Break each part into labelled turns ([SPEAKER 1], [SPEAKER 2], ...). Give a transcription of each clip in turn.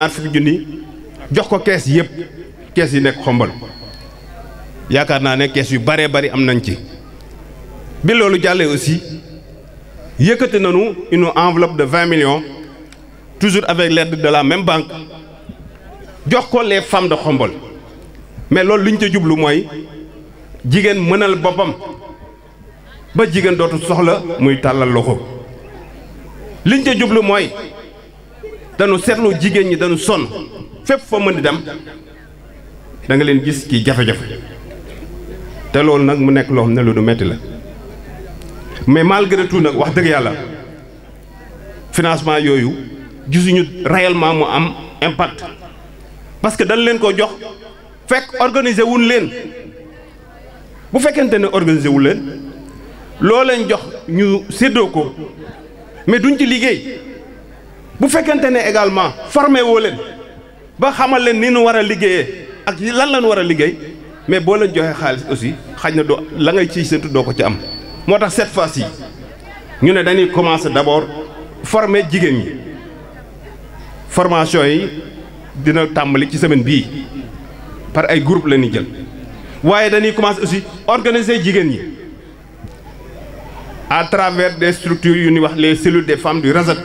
[SPEAKER 1] ñaar fukki junni jox ko kees yëpp kees yi nekk xombal yaakaar naa ne kees yu baree bari am nañ ci bi loolu jàllee aussi yëkkati nanu une enveloppe de vingt millions toujours avec l'aide de la même banque jox ko les femmes de xombal mais loolu li ñu ca jublu mooy jigéen mënal boppam ba jigéen dootu soxla muy tàllal loxo liñ ca jublu mooy danu seetlu jigéen ñi dañu sonn fépp fa mën di dem da nga leen gis ci jafe-jafe te loolu nag mu nekk loo xam ne lu du metti la mais malgré tout nag wax dëgg yàlla financement yooyu gisuñu réellement mu am impact parce que dañ leen ko jox fekk organiser wun leen bu fekkente ne organiser wu leen loo leen jox ñu séddoo ko mais duñ ci liggéey bu fekkente ne également formé woo leen ba xamal leen ni nu war a liggéeyee ak lan lañu war a liggéey mais boo leen joxee xaalis aussi xaj na doo la ngay ciy séntu doo ko ci am moo tax cette fois ci ñu ne dañuy commencer d'abord former jigéen ñi formation yi dina tàmbali ci semaine bii par ay groupe la ñuy jël waaye dañuy commencer aussi organiser jigéen ñi à travers des structures yu ñuy wax les cellules des femmes du RASAT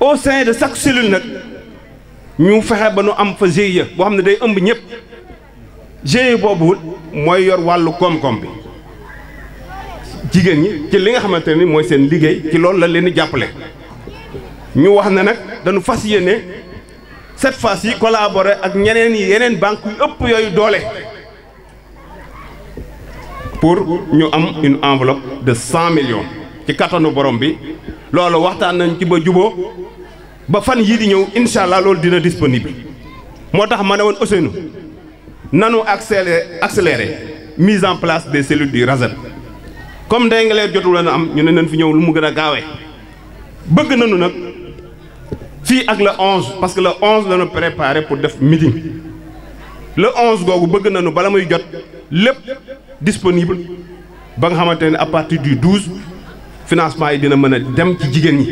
[SPEAKER 1] au sein de chaque cellule nag ñu fexe ba nu am fa GIE boo xam ne day ëmb ñëpp GIE boobu mooy yor wàllu koom-koom bi jigéen ñi ci li nga xamante ni mooy seen liggéey ci loolu la leen di jàppale ñu wax ne nag dañu fas yéene cette fois yi collaborer ak ñeneen yi yeneen banque yu ëpp yooyu doole pour ñu am une enveloppe de cent millions ci kattanu borom bi loolu waxtaan nañ ci ba juboo ba fan yii di ñëw incha allah loolu dina disponible moo tax ma ne woon Ousseynou nanu accéléré accéléré mise en place des cellules du Rasad comme ndey nga leer jotul na am ñu ne nañ fi ñëw lu mu gën a gaawee bëgg nañu nag fii ak le onze parce que le 11 la ñu préparé pour def meeting le 11 googu bëgg nanu bala muy jot lépp disponible ba nga xamante ne à partir du 12. financement yi dina mën a dem ci jigéen ñi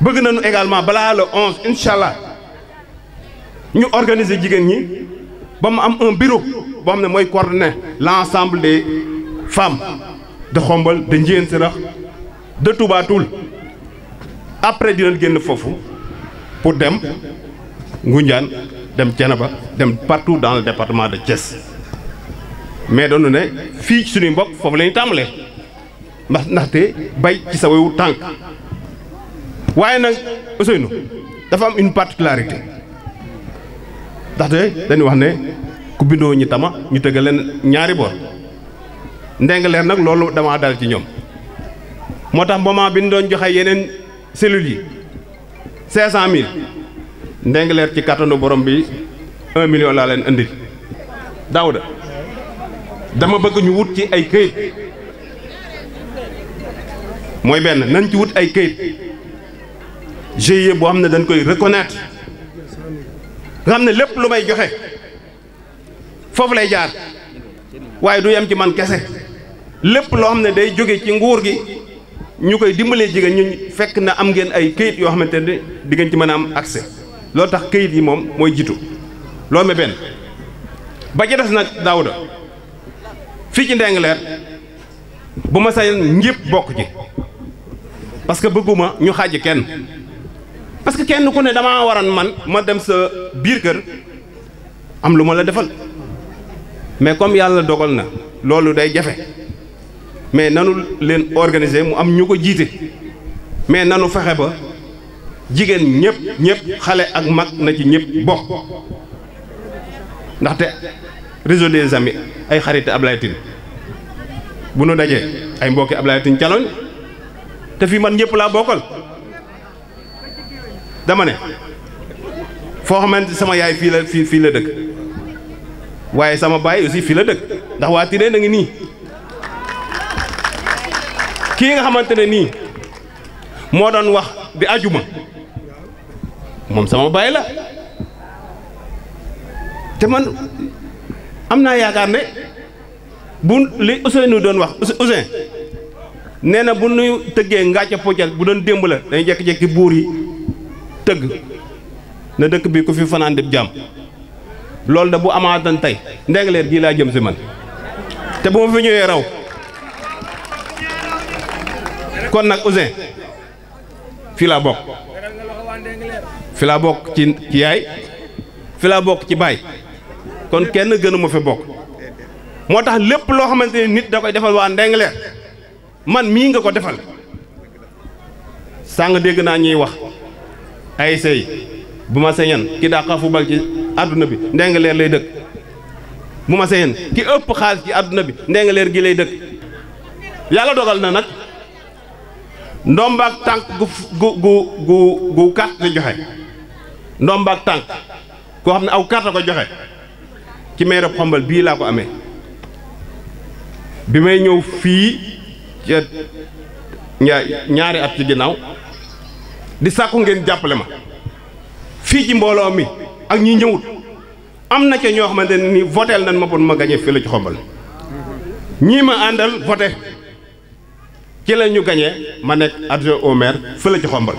[SPEAKER 1] bëgg nañu également balaa le onse incha allah ñu organiser jigéen ñi ba mu am un bureau boo xam ne mooy coordonner l' ensemble des femmes de Xombol da Ndiéyène Sirah de Touba Toul après dinañ génn foofu pour dem Ngoundiane dem Thiénaba dem partout dans le département de Thiès mais doonu ne fii ci suñuy mbokk foofu la ñu tàmbalee ndax ndaxte bay ci sa tànk waaye nag Ousseynou dafa am une particularité ndaxte dañuy wax ne ku bindoo ñi tama ñu tëgg leen ñaari boor ndeng leen nag loolu damaa dal ci ñoom moo tax moment bi ñu doon joxe yeneen cellules yi cinq mille ndeng leer ci kattanu borom bi un laa leen indil Daouda dama bëgg ñu wut ci ay këyit mooy benn nañ ci wut ay kayit GIE boo xam ne dañ koy reconnaître nga xam ne lépp lu may joxe foofu lay jaar waaye du yem ci man kese lépp loo xam ne day jóge ci nguur gi ñu koy dimbalee jigéen ñu fekk na am ngeen ay kayit yoo xamante ne di ngeen ci mën a am accès loolu tax kayit yi moom mooy jiitu loolu ma benn ba ci des na Daouda fii ci Ndingler bu ma sañoon ñëpp bokk ci parce que bëgguma ñu xàjj kenn parce que kenn ku ne damaa waran man ma dem sa biir kër am lu ma la defal mais comme yàlla dogal na loolu day jafe mais nanu leen organiser mu am ñu ko jiite mais nanu fexe ba jigéen ñëpp ñëpp xale ak mag na ci ñëpp bokk ndaxte réseau des amis ay xarit Ablaye Tine bu nu dajee ay mbokki Ablaye Tine caloñ te fii man ñëpp laa bokkal dama ne foo xamante sama yaay fii la fii fii la dëkk waaye sama baay aussi fii la dëkk ndax waa Tireen a ngi nii kii nga xamante ne nii moo doon wax di ajuma moom sama baay la te man am naa yaakaar ne bu li Ousseynou doon wax Ousseyn nee na bu nu tëggee ngàcca poccal bu doon démb la dañuy jekki-jekki buur yi tëgg na dëkk bi ku fi fanaan dib jàmm loolu da bu amaatan tey ndengaleer gii laa jëm si man te bu ma fi ñëwee raw kon nag Ouzin fii laa bokk fi laa bokk ci ci yaay fi laa bokk ci baay kon kenn gënu ma fi bokk moo tax lépp loo xamante ni nit da koy defal waa ndengaleer man mii nga ko defal sàng dégg naa ñuy wax ay sey bu ma señan ki daa xafu ci àdduna bi ndeng lay dëkk bu ma señan ki ëpp xaalis ci àdduna bi ndeng gi lay dëkk yàlla dogal na nag ndombaak tànk gu gu gu gu gu carte joxe ndombaak tànk koo xam ne aw carte ko joxe ci meerob xombal bii laa ko amee bi may ñëw fii ñaari at ci ginnaaw di sàkku ngeen jàppale ma fii ci mbooloo mi ak ñi ñëwut am na ca ñoo xamante ne ni voteel nañ ma bon ma gañee fii la ci xombal ñii ma àndal voté ci ñu gañee ma nekk adjoint au maire fii la ci xombal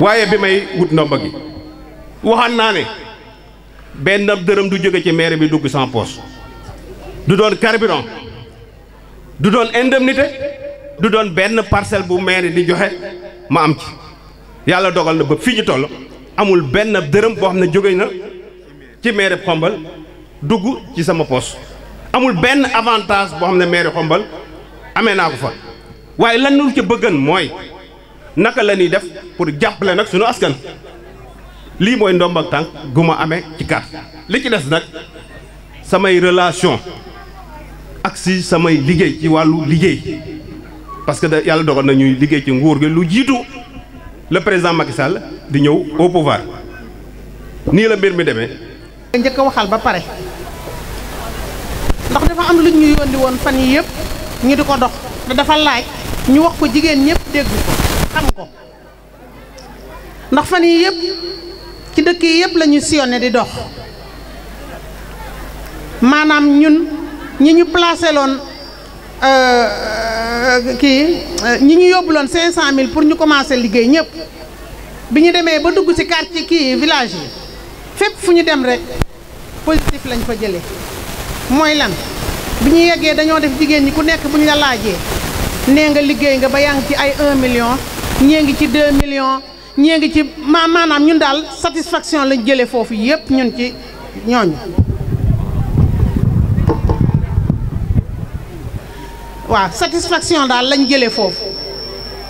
[SPEAKER 1] waaye bi may wut ndomba gi waxaan naa ne benn dërëm du jóge ci maire bi dugg sans poche du doon carburant du doon indemnité du doon benn parcelle bu maire di joxe ma am ci yàlla dogal na ba fii ñu toll amul benn dërëm boo xam ne jóge na ci maire xombal dugg ci sama poche amul benn avantage boo xam ne maire xombal amee naa ko fa waaye lan lu ci bëggan mooy naka la ñuy def pour jàppale nag sunu askan lii mooy ndombak tànk gu ma amee ci kat li ci des nag samay relation ak si samay liggéey ci wàllu liggéey parce que da yàlla dogal na ñuy liggéey ci nguur gi lu jiitu le président Macky Sall di ñëw au pouvoir nii la mbir mi demee.
[SPEAKER 2] njëkk a waxal ba pare ndax dafa am lu ñu yónni woon fan yi yëpp ñu di ko dox te dafa laaj ñu wax ko jigéen ñëpp dégg ko xam ko ndax fan yi yëpp. ci dëkk yi yëpp la ñu di dox maanaam ñun ñi ñu placé loon euh, euh, kii ñi ñu yóbbu loon cent mille pour ñu commencé liggéey ñëpp bi ñu demee ba dugg ci quartier kii village yi fépp fu ñu dem rek positif lañ fa jëlee mooy lan bi ñu yeggee dañoo def jigéen ñi ku nekk bu ñu la laajee nee nga liggéey nga ba yaa ci ay 1 million ñee ngi ci 2 millions ñée ngi ci ma maanaam ñun daal satisfaction lañ jëlee foofu yépp ñun ci ñooñu waaw satisfaction daal lañ jëlee foofu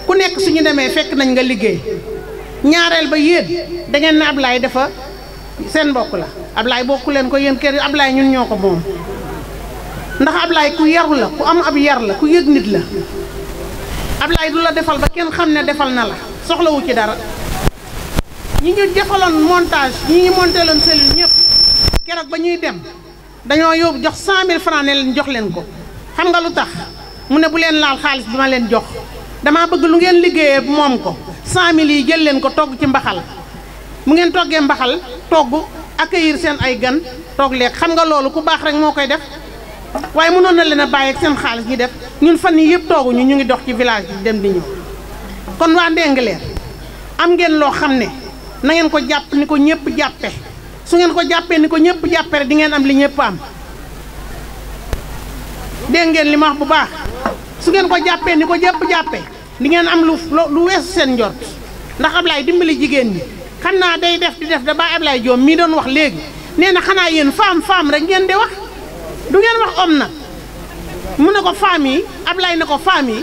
[SPEAKER 2] ku nekk suñu demee fekk nañ nga liggéey ñaareel ba yéen da ngeen ne Ablaye dafa seen mbokk la Ablaye bokku leen ko yéen kër Ablaye ñun ñoo ko moom ndax Ablaye ku yaru la ku am ab yar la ku yëg nit la Ablaye du la defal ba kenn xam ne defal na la soxlawu ci dara ñi ñu defaloon montage ñi ngi monté loon cellule ñëpp keroog ba ñuy dem dañoo yóbbu jox cent mille francs leen jox leen ko xam nga lu tax mu ne bu leen laal xaalis bi ma leen jox damaa bëgg lu ngeen liggéeyee moom ko cent mille yi jël leen ko togg ci mbaxal mu ngeen toggee mbaxal togg accueillir seen ay gan toog lekk xam nga loolu ku baax rek moo koy def waaye mënoon na leen a bàyyi ak seen xaalis ñi def ñun fan yii yëpp tooguñu ñu ngi dox ci village bi dem di ñëw kon waa Ndingler am ngeen loo xam ne na ngeen ko jàpp ni ko ñëpp jàppe su ngeen ko jàppee ni ko ñëpp jàppe rek di ngeen am li ñëpp am dégg ngeen li ma bu baax su ngeen ko jàppee ni ko ñëpp jàppe di ngeen am lu lu weesu seen njort ndax Ablaye dimbali jigéen ñi xam naa day def di def da baa Ablaye Diom mii doon wax léegi nee na xanaa yéen femme femme rek ngeen di wax du ngeen wax homme nag mu ne ko femmes yi Ablaye ne ko femmes yi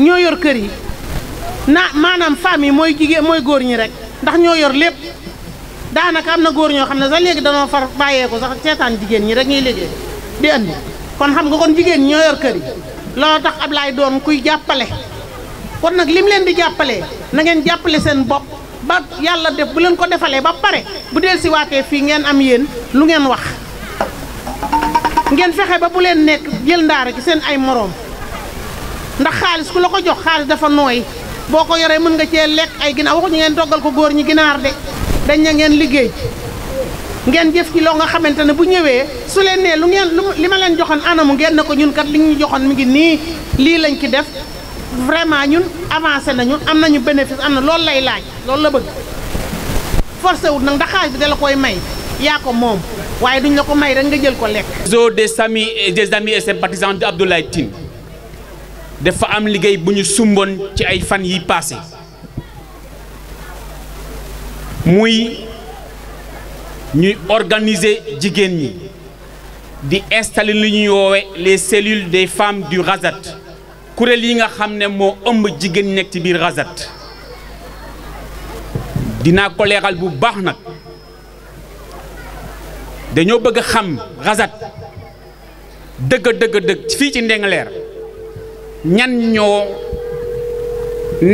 [SPEAKER 2] ñoo yor kër yi na maanaam femmes yi mooy jigéen mooy góor ñi rek ndax ñoo yor lépp daanaka am na góor ñoo xam ne sax léegi danoo far ko sax seetaan jigéen ñi rek ñuy liggéey di andi kon xam nga kon jigéen ñi ñoo yor kër yi loolu tax Ablaye doon kuy jàppale kon nag lim leen di jàppalee nangeen jàppale seen bopp ba yàlla def bu leen ko defalee ba pare bu del si waatee fii ngeen am yéen lu ngeen wax ngeen fexe ba bu leen nekk jël ndaara ci seen ay moroom ndax xaalis ku la ko jox xaalis dafa nooy boo ko yoree mën nga cee lekk ay ginaar waxuñu ngeen toggal ko góor ñi ginaar de dañ na ngeen liggéey ngeen jëf ci loo nga xamante ne bu ñëwee su leen nee lu ngeen li ma leen joxoon anamu ngeen ne ko ñun kat li ñu joxoon mi ngi nii lii lañ ci def vraiment ñun avancé nañu am nañu bénéfice am na loolu lay laaj loolu la bëgg forcé wut nag ndax xaalis bi da la koy may. yaa ko moom waaye duñ la ko may rek nga jël ko lekk.
[SPEAKER 3] réseau des amis des amis et sympathisants de Abdoulaye Tine dafa am liggéey bu ñu sumboon ci ay fan yi passé muy ñuy organiser jigéen ñi di installer li ñuy woowe les cellules des femmes du Razat kuréel yi nga xam ne moo ëmb jigéen ñi nekk ci biir Razat dinaa ko leeral bu baax nag. dañoo bëgg xam Razat dëgg dëgg dëgg fii ci Ndingler ñan ñoo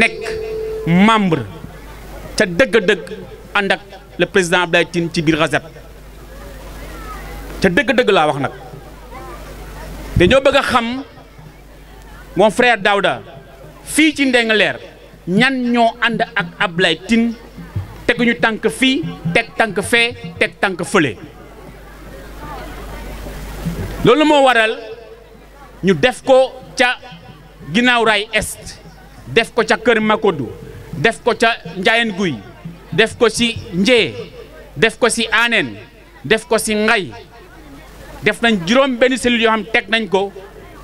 [SPEAKER 3] nekk membre ca dëgg dëgg ànd ak le président Abdoulaye Tine ci biir Razat ca dëgg dëgg laa wax nag dañoo bëgg a xam mon frère Daouda fii ci Ndingler ñan ñoo ànd ak Abdoulaye Tine teguñu tànk fii teg tànk fee teg tànk fële. loolu moo waral ñu def ko ca ginnaaw raay est def ko ca Kër makodu def ko ca Njaayen Guy def ko ci Njee def ko ci Aaneen def ko ci Ngay def nañ juróom benn cellule yoo xam teg nañ ko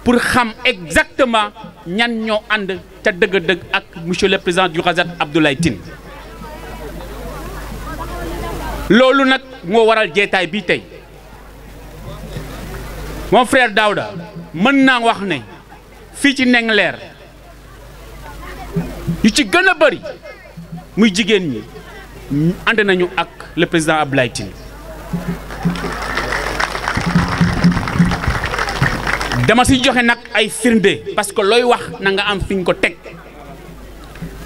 [SPEAKER 3] pour xam exactement ñan ñoo ànd ca dëgg-dëgg ak monsieur le président du Razat Abdoulaye tin loolu nag moo waral jeetaay bi tey mon frère Daouda mën naa wax ne fii ci Ndingler yu ci gën a bëri muy jigéen ñi ànd nañu ak le président Abdoulaye Tine dama si joxe nag ay firnde parce que looy wax na nga am fi ko teg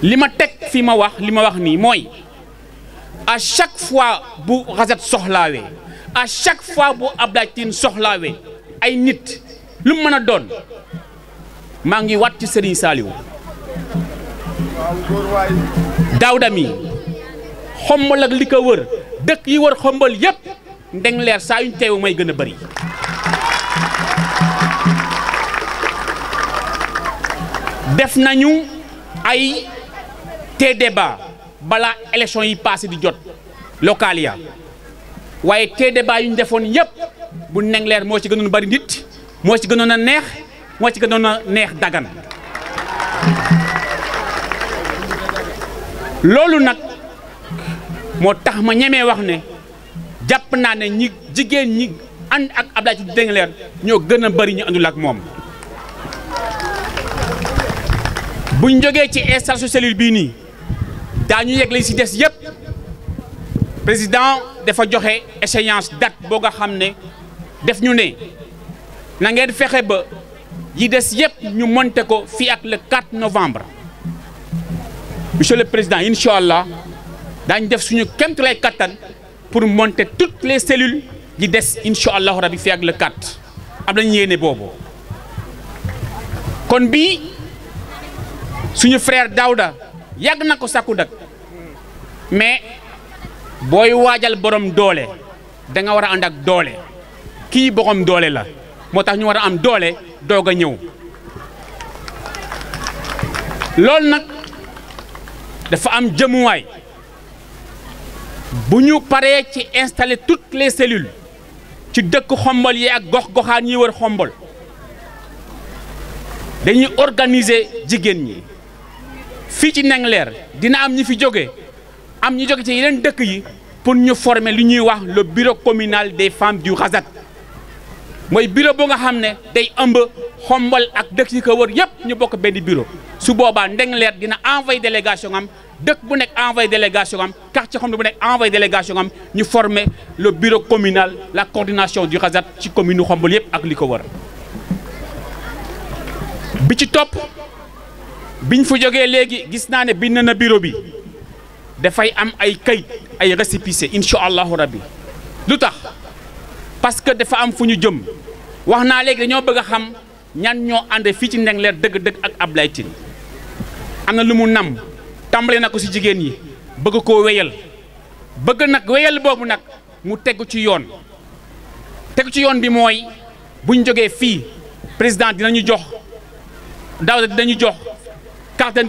[SPEAKER 3] li ma teg fii ma wax li ma wax nii mooy à chaque fois bu Razat soxlaawee à chaque fois bu Abdoulaye Tine soxlaawee ay nit lu mën a doon maa ngi wat ci Serigne Saliou dawda mi xombal ak li ko wër dëkk yi wër xombal yépp ndeng leer saa yuñ teew may gën a bari def nañu ay te débat balaa élection yi passé di jot local ya waaye te yu ñu defoon yépp bu Ndingler moo ci gënoon bari nit moo ci gënoon a neex moo ci gënoon a neex daggan loolu nag moo tax ma ñemee wax ne jàpp naa ne ñi jigéen ñi ànd ak Abdoulaye Diouf Ndingler ñoo gën a bari ñu àndul ak moom buñ jógee ci installation cellule bii nii daañu yegg lañ ci des yépp président dafa joxe échéance date boo nga xam ne def ñu ne na ngeen fexe ba yi des yépp ñu monter ko fii ak le 4 novembre monsieur le président incha allah daañu def suñu kéemtulaay kattan pour monter toutes les cellules yi des incha allahu rabi fii ak le 4 am nañu yéene boobu kon bii suñu frère Daouda yàgg na ko sakku nag mais booy waajal borom doole da nga war a ànd ak doole. kii borom doole la moo tax ñu war a am doole doog a ñëw loolu nag dafa am jëmuwaay bu ñu paree ci installé toutes les cellules ci dëkk xombol yi ak gox goxaan yi wër xombol dañuy organiser jigéen ñi fii ci Ndingler dina am ñu fi jóge am ñu jóge ci yeneen dëkk yi pour ñu former li ñuy wax le bureau communal de femmes du Razat mooy bureau bu nga xam ne day ëmb xombal ak dëkk yi ko wër yëpp ñu bokk benn biro su boobaa Ndingler dina envoyé délégation am dëkk bu nekk envoyé délégation am quartier xam ne bu nekk envoy délégation am ñu former le bureau communal la coordination du Rasat ci commune u xombal yëpp ak li ko bi ci topp biñ fu jogee léegi gis naa ne bind na biro bi dafay am ay kayit ay récépissé incha allahu rabbi lu tax parce que dafa am fu ñu jëm wax naa léegi dañoo bëgg a xam ñan ñoo ànd fii ci Ndingler dëgg-dëgg ak Abdoulaye Tine am na lu mu nam tàmbale na ko si jigéen yi bëgg koo wéyal bëgg nag wéyal boobu nag mu tegu ci yoon tegu ci yoon bi mooy bu ñu jógee fii président dinañu jox daaw dinañu jox carte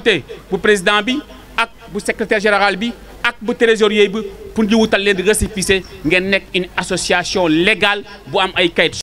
[SPEAKER 3] bu président bi ak bu secrétaire général bi ak bu trésorier bi pour ñu wutal leen récépissé ngeen nekk une association légale bu am ay kayit